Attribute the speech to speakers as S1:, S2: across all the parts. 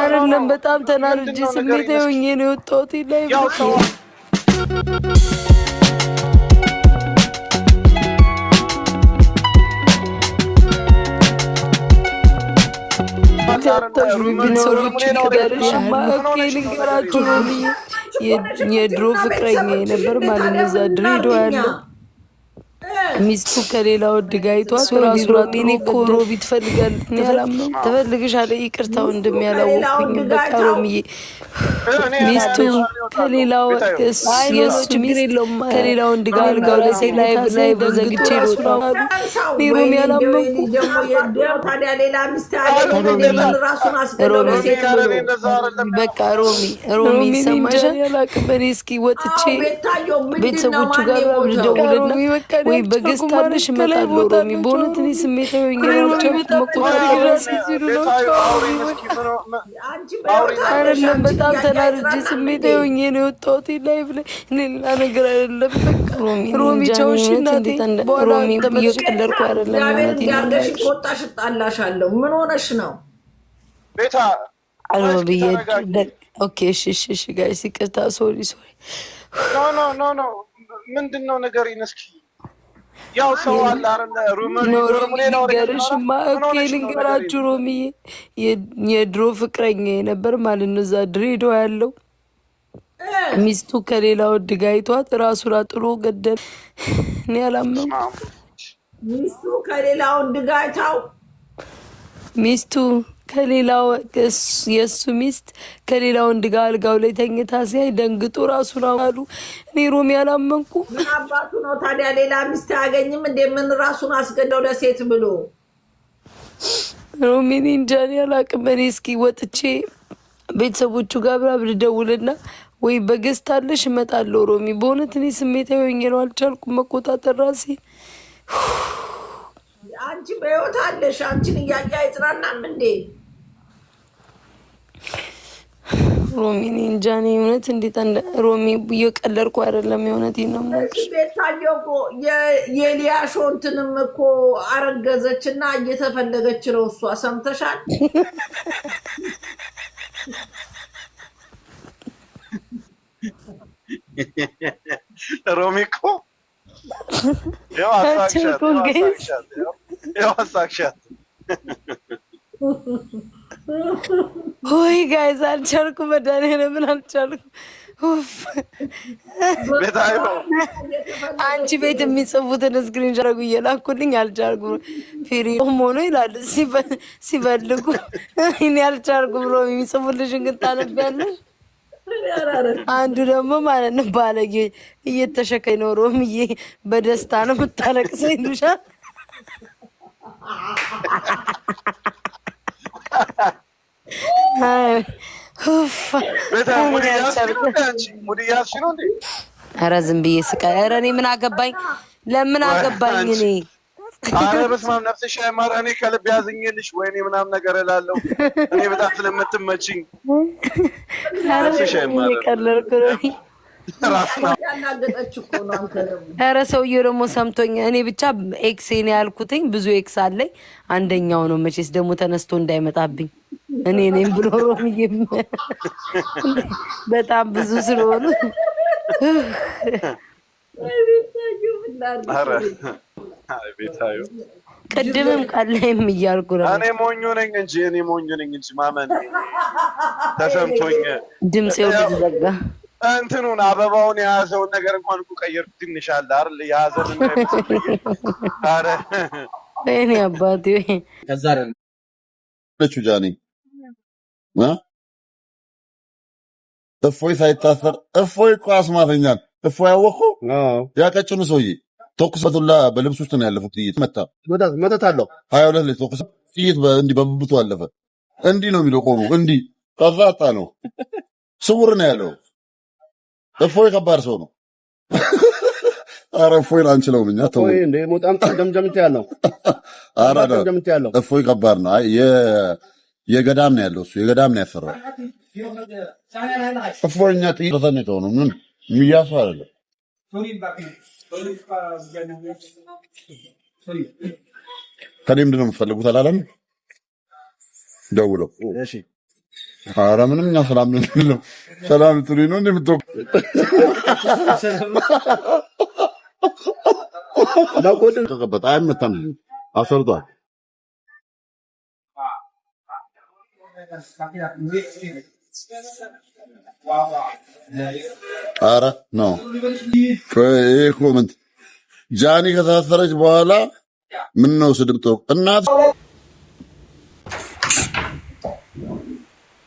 S1: አይደለም በጣም ተናድጄ ስሜት ሆኜ ነው የወጣሁት ላይ ሰዎች የድሮ ፍቅረኛ የነበር ማለት ነው። እዛ ድሬዳዋ ያለው ሚስቱ ከሌላ ወድ ጋይቷ ራሱ ሮቢ ትፈልጋለች፣ ትፈልግሻለች። ይቅርታ ወንድም ያላወቅኩኝ በቃ ሮሚዬ፣ ሚስቱ ከሌላ ከሌላ ወንድ ጋር አልጋው ላይ ላይ በዘግቼ ሮሚ ያላመንኩ በቃ ሮሚ ሮሚ ይሰማሻል። በእኔ እስኪ ወጥቼ ቤተሰቦቹ ጋር ደውልና ወይ በገስታለሽ እመጣለሁ። ሮሚ በእውነት እኔ ስሜት አይደለም፣ በጣም ተናድጄ ስሜት ሆኜ ነው የወጣሁት። ላይፍ ላይ ሌላ ነገር አይደለም። ሮሚ ቻውሽ እናቴ። ሮሚ እየቀለድኩ
S2: አይደለም። ቆጣሽ ጣላሻለሁ። ምን ሆነሽ ነው
S1: ቤታ አሎ ብዬ ኦኬ፣ እሺ፣ እሺ፣ እሺ ጋይስ ይቅርታ። ሶሪ ሶሪ።
S3: ኖ ኖ ኖ ኖ ምንድን ነው ነገር ይነስኪ ያው ሰው አለ
S1: ልንገርሽማ፣ እኮ ልንገራችሁ፣ ሮሚዬ የድሮ ፍቅረኛ የነበር ማለት ነው። እዛ ድሬዳዋ ያለው ሚስቱ ከሌላ ወድ ጋር አይቷት ራሱን አጥሎ ገደል። እኔ አላመንኩም።
S2: ሚስቱ ከሌላ ወድ ጋር
S1: ሚስቱ ከሌላው የእሱ ሚስት ከሌላው ወንድ ጋር አልጋው ላይ ተኝታ ሲያይ ደንግጦ ራሱ ነው አሉ። እኔ ሮሚ አላመንኩ።
S2: ምን አባቱ ነው ታዲያ? ሌላ ሚስት አያገኝም ምን ራሱን አስገዳው ለሴት ብሎ
S1: ሮሚ። እኔ እንጃ አላቅም። እኔ እስኪ ወጥቼ ቤተሰቦቹ ጋር ብራ ብደውልና ወይ በገዝት አለሽ እመጣለሁ። ሮሚ በእውነት እኔ ስሜታዊ ሆኜ ነው አልቻልኩም መቆጣጠር ራሴ
S2: አንቺ በህይወት አለሽ። አንቺን እያየ አይጽናናም እንዴ?
S1: ሮሚ እኔ እንጃ እኔ እውነት እንዴት ሮሚ እየቀለድኩ አይደለም። የእውነት ነው
S2: ቤታዮ እኮ የሊያሾ እንትንም እኮ አረገዘች እና እየተፈለገች ነው እሷ። ሰምተሻል?
S3: ሮሚ እኮ ያው አሳቅሻት
S1: ሆይ ጋይዝ አልቻልኩ፣ መድኃኒዓለምን አልቻልኩ። አንቺ ቤት የሚጽፉትን እስክሪን ሻት እየላኩልኝ አልቻልኩ። ፊሪ ሆኖ ይላል ሲፈልጉ እኔ አልቻልኩ ብሎ የሚጽፉልሽን ግን ታነቢያለሽ። አንዱ ደግሞ ማለት ነው ባለጌ እየተሸከኝ ነው ሮምዬ፣ በደስታ ነው የምታለቅሰው ይሉሻል። ኧረ ዝም ብዬ ስቃ ኧረ እኔ ምን አገባኝ? ለምን አገባኝ? እኔ
S3: ኧረ በስመ አብ ነፍስሽ አይማር። እኔ ከልብ ያዝኝልሽ ወይኔ ምናምን ነገር እላለሁ። እኔ በጣም ስለምትመችኝ ነፍስሽ አይማር።
S1: ኧረ ሰውዬው ደግሞ ሰምቶኝ እኔ ብቻ ኤክሴን ያልኩትኝ ብዙ ኤክስ አለኝ። አንደኛው ነው መቼስ ደግሞ ተነስቶ እንዳይመጣብኝ እኔ ነኝ ብሎ ሮምዬም በጣም ብዙ ስለሆኑ ቅድምም ቀላይም እያልኩ ነው።
S3: እኔ ሞኝ ነኝ እንጂ እኔ ሞኙ ነኝ እንጂ ማመን ተሰምቶኝ
S1: ድምፄው ዘጋ።
S3: እንትኑን አበባውን የያዘውን ነገር እንኳን እኮ ቀየርኩ። ትንሽ አለ የያዘን
S1: ኧረ እኔ አባቴ ከዛ
S4: ለችው ጃኒ እፎይ ሳይታሰር እፎይ እኮ አስማተኛል። እፎይ ያወቅኩ ያቀጭኑ ሰውዬ ተኩሰቱላ በልብስ ውስጥ ነው ያለፈው። ጥይት መታ መተት አለው ሀያ ሁለት ላይ ተኩሰ ጥይት እንዲ በብብቱ አለፈ። እንዲህ ነው የሚለው ቆሙ እንዲህ ከዛ አጣ ነው ስውር ነው ያለው እፎይ ከባድ ሰው ነው። ኧረ እፎይ አንችለውም እኛ ተው።
S5: በጣም ጀምጀምት ያለው
S4: እፎይ ከባድ ነው። የገዳም ነው ያለው እሱ የገዳም ነው ያፈራው እፎይ። እኛ ጥይተን የተሆኑ ምን የሚያሱ አይደለም። ከኔ ምንድን ነው የምትፈልጉት አላለም ደውለው አረ ምንም እኛ ሰላም ነው። ሰላም ጥሪ ነው እንደምት በጣም መታም አሰርቷል። ኧረ ነው ይህ ኮመንት ጃኒ ከታሰረች በኋላ ምን ነው ስድብ እናት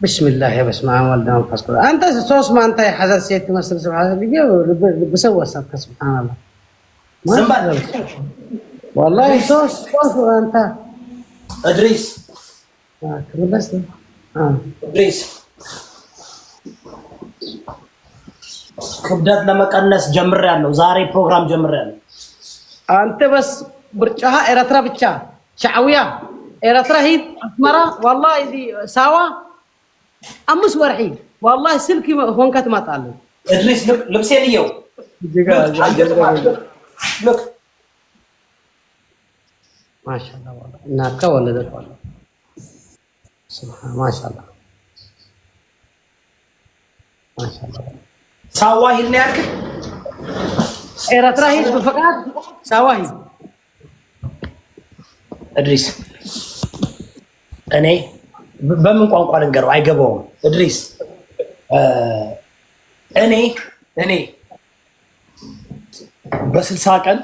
S5: بسم الله يا بسم الله والدنا والفصل انت صوص ما انت يا حزاز سيد تمثل سبحان الله بسوى صدق سبحان الله والله صوص صوص انت
S6: ادريس بس ادريس ክብደት ለመቀነስ ጀምር ያለው ዛሬ ፕሮግራም ጀምር ያለው
S5: አንተ በስ ብርጭሃ ኤረትራ ብቻ ሻዕውያ ኤረትራ ሂድ አስመራ ዋላ ሳዋ امس ورحي والله سلكي هون كات ما طال
S6: ادريس لبسي ليو لوك
S5: ما شاء الله والله ناكا ولا ذا سبحان ما شاء الله
S6: ما شاء الله سواهي النيرك
S5: ايرترا هي بفقات سواهي
S6: ادريس اني በምን ቋንቋ ልንገረው? አይገባውም። እድሪስ እኔ እኔ በስልሳ ቀን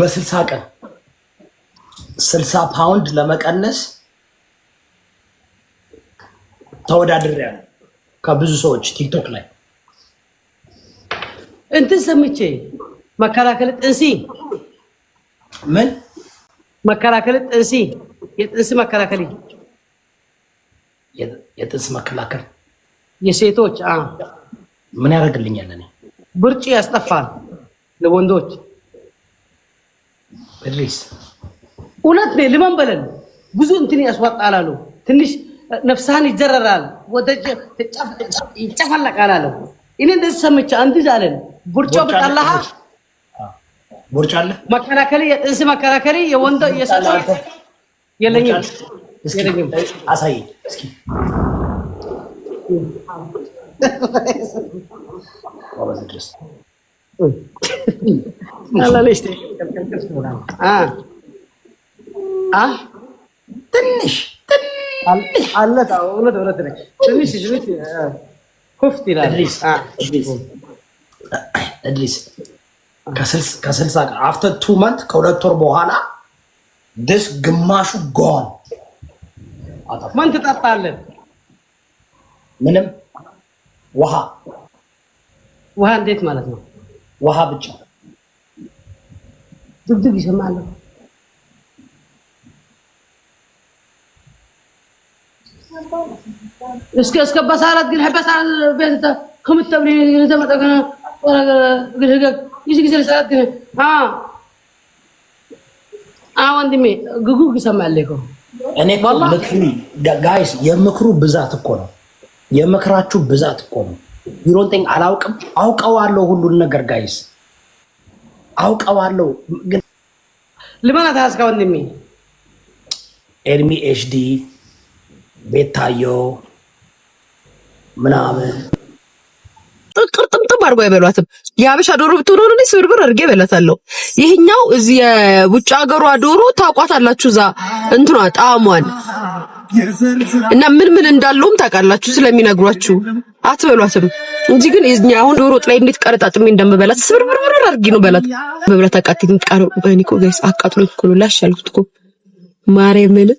S6: በስልሳ ቀን ስልሳ ፓውንድ ለመቀነስ ተወዳድሬያለሁ ከብዙ ሰዎች ቲክቶክ ላይ
S5: እንትን ሰምቼ መከላከል ጥንሲ ምን መከላከል ጥንሲ የጥንስ መከላከል
S6: የጥንስ መከላከል የሴቶች ምን ያደርግልኛል? እኔ
S5: ብርጭ ያስጠፋል። ለወንዶች ድሪስ እውነት ነ ልመን በለን ብዙ እንትን ያስዋጣል ትንሽ ነፍሳን ይዘረራል፣ ይጨፈለቃል አለው። እኔ እንደዚህ ሰምቼ አንድ ዛለን ቡርጮ ብጣላሃ ቡርጫለ መከላከል የጥንስ መከላከል የወንዶ የሰቶ የለኝም።
S6: አሳየኝ እስኪ። ትንሽ ኢድሪስ ከስልሳ ቀን አፍተር ቱ ከሁለት ወር በኋላ ድስ ግማሹ ጎን
S5: ምን ትጠጣለን?
S6: ምንም ውሃ።
S5: ውሃ እንዴት ማለት ነው? ውሃ ብቻ። ድብድብ ይሰማል። እስከ እስከ በሳላት ግን በሳላት ቤት ከምትጠብሪ ተመጠቀነ ወረገ ግልህገ ይህ ጊዜ ሰላት ግን ወንድሜ ግጉ ይሰማል።
S6: እኔ ጋይስ የምክሩ ብዛት እኮ ነው። የምክራችሁ ብዛት እኮ ነው። ዩሮንጤን አላውቅም፣ አውቀዋለሁ። ሁሉን ነገር ጋይስ አውቀዋለሁ። ግን
S5: ልመና ታስካ ወንድሜ
S6: ኤርሚ ኤችዲ ቤታዮ ምናምን
S5: ጥቅር ጥምጥም አድርጎ አይበሏትም። የሀበሻ ዶሮ ብትሆን ሆነ ስብርብር አድርጌ እበላታለሁ። ይህኛው እዚህ የውጭ ሀገሯ ዶሮ ታውቋታላችሁ፣ እዛ እንትኗ ጣዕሟን እና ምን ምን እንዳለውም ታውቃላችሁ ስለሚነግሯችሁ አትበሏትም እንጂ ግን እኛ አሁን ዶሮ ወጥ ላይ እንዴት ቀረጣጥሜ እንደምበላት ስብርብርብር አድርጌ ነው በላት በብረት አቃጥኝ ቃሩ በኒኮ ጋይስ አቃጥሎ ኩሉ ላሽ ያልኩት እኮ ማሬ ምን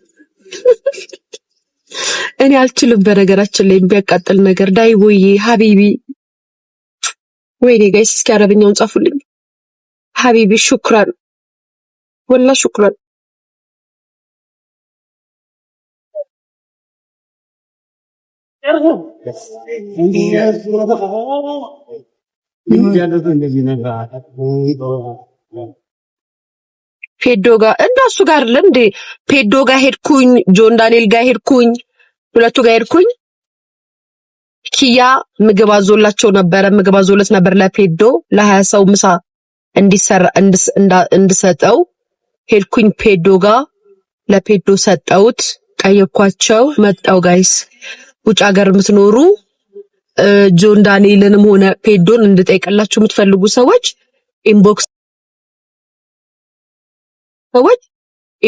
S5: እኔ አልችልም። በነገራችን ላይ የሚያቃጥል ነገር ዳይቦዬ ሀቢቢ ወይኔ ጋይስ እስኪ አረብኛውን ጻፉልኝ። ሀቢቢ ሹክራን ወላ ሹክራን ፔዶ ጋር እና ጋር ለም ፔዶ ጋ ሄድኩኝ፣ ጆን ዳንኤል ጋር ሄድኩኝ፣ ሁለቱ ጋር ሄድኩኝ ኪያ ምግብ አዞላቸው ነበረ። ምግብ አዞለት ነበር ለፔዶ ለሀያ ሰው ምሳ እንዲሰራ እንድሰጠው ሄድኩኝ ፔዶ ጋር ለፔዶ ሰጠውት። ጠየኳቸው። መጣው ጋይስ ውጭ ሀገር የምትኖሩ ጆን ዳንኤልንም ሆነ ፔዶን እንድጠይቅላችሁ የምትፈልጉ ሰዎች ኢንቦክስ ሰዎች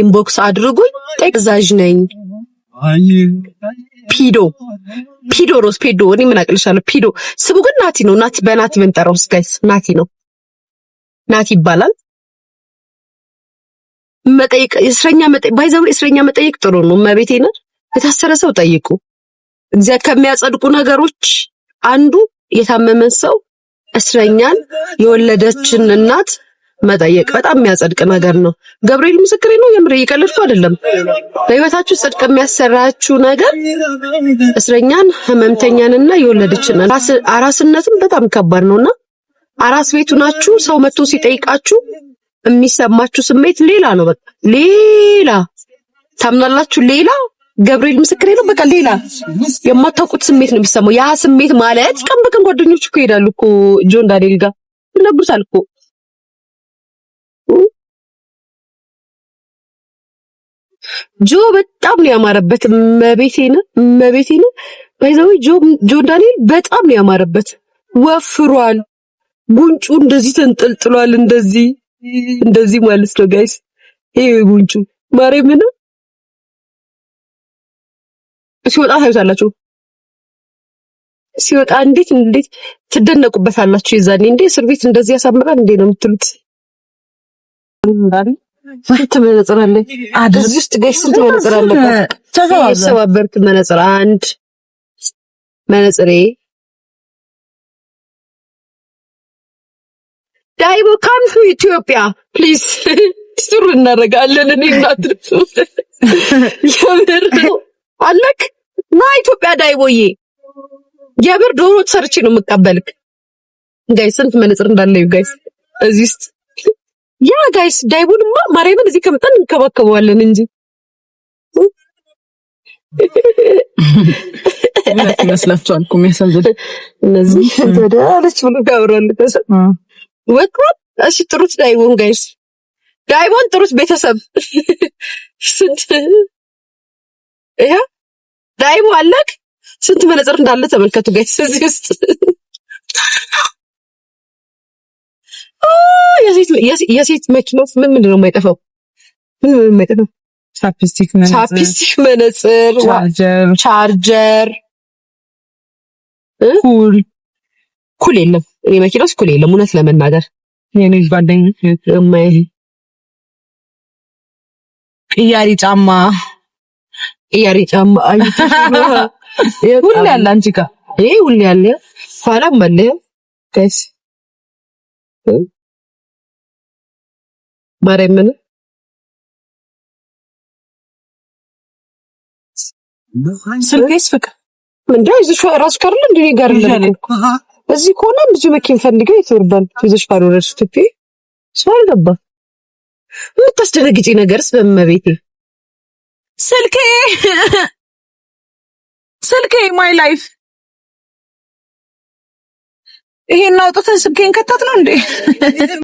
S5: ኢንቦክስ አድርጉኝ። ጠቅዛዥ ነኝ። ፒዶ ፒዶ ሮስ ፔዶ እኔ ምን አቅልሻለሁ። ፒዶ ስሙ ግን ናቲ ነው። ናቲ በናቲ የምንጠራው ጋይስ ናቲ ነው። ናቲ ይባላል። መጠየቅ እስረኛ መጠየቅ ባይዘው እስረኛ መጠየቅ ጥሩ ነው። መቤቴ ነው። የታሰረ ሰው ጠይቁ። እግዚአብሔር ከሚያጸድቁ ነገሮች አንዱ የታመመን ሰው እስረኛን የወለደችን እናት መጠየቅ በጣም የሚያጸድቅ ነገር ነው። ገብርኤል ምስክሬ ነው። የምር እየቀለድኩ አይደለም። በህይወታችሁ ጽድቅ የሚያሰራችሁ ነገር እስረኛን፣ ህመምተኛንና የወለደችን አራስነትም በጣም ከባድ ነውና አራስ ቤቱ ናችሁ። ሰው መጥቶ ሲጠይቃችሁ የሚሰማችሁ ስሜት ሌላ ነው። በቃ ሌላ ታምናላችሁ። ሌላ ገብርኤል ምስክሬ ነው። በቃ ሌላ የማታውቁት ስሜት ነው የሚሰማው። ያ ስሜት ማለት ቀን በቀን ጓደኞች እኮ ይሄዳሉ እኮ ጆን ዳንኤል ጋር ይነግሩታል እኮ ጆ በጣም ነው ያማረበት። መቤቴን መቤቴን ባይዘው ጆ ዳንኤል በጣም ነው ያማረበት። ወፍሯል፣ ጉንጩ እንደዚህ ተንጠልጥሏል። እንደዚህ እንደዚህ ማለት ነው ጋይስ። ይሄ ጉንጩ ማርያምን ሲወጣ ታዩታላችሁ። ሲወጣ እንዴት እንዴት ትደነቁበታላችሁ። ይዛኔ እንዴ እስር ቤት እንደዚህ ያሳምራል እንዴ ነው የምትሉት። እንዴ ስንት መነጽር አለኝ? አድርጊ ውስጥ ገሽ ስንት መነጽር አለበት? የተሰባበርክ መነጽር አንድ መነጽሬ ዳይቦ ካም ቱ ኢትዮጵያ ፕሊዝ ሱር እናደርጋለን። እኔ እናትርሱ የምር አለክ ና ኢትዮጵያ ዳይቦዬ፣ የብር ዶሮ ሰርቼ ነው የምቀበልክ። ጋይ ስንት መነጽር እንዳለ ዩ ጋይስ እዚህ ውስጥ ያ ጋይስ ዳይቡንማ ማርያምን እዚህ ከመጣን እንከባከበዋለን እንጂ ይመስላችኋል እኮ የሚያሳዝን እነዚህ ብሎ እሺ ጥሩት ዳይቦን ጋይስ ዳይቦን ጥሩት ቤተሰብ ስንት ይሄ ዳይቦ አለክ ስንት መነጽር እንዳለ ተመልከቱ ጋይስ እዚህ ውስጥ የሴት መኪና ውስጥ ምን ምንድን ነው የማይጠፋው? ምን ምን የማይጠፋው? ቻፕስቲክ፣ መነጽር፣ ቻርጀር፣ ኩል ኩል የለም። እኔ መኪና ውስጥ ኩል የለም። እውነት ለመናገር
S7: የኔ ጓደኛ
S5: ቅያሪ ጫማ ቅያሪ ጫማ ሁሌ ያለ አንቺ ጋ ይሄ ሁሌ ያለ ኋላም አለ ጋይስ ማርያምን ስልኬስ ፍቅር እንዴ እዚህ ራሱ ካርል እንዴ ጋር እዚህ ከሆነ ብዙ መኪን ፈልገው ይተርባል ይዘሽ ካልወረድሽ ትቴ ሰው አልገባ የምታስደነግጪ ነገርስ በመቤቴ ስልኬ ስልኬ ማይ ላይፍ ይሄን አውጥተን ስልኬን ከታት ነው እንዴ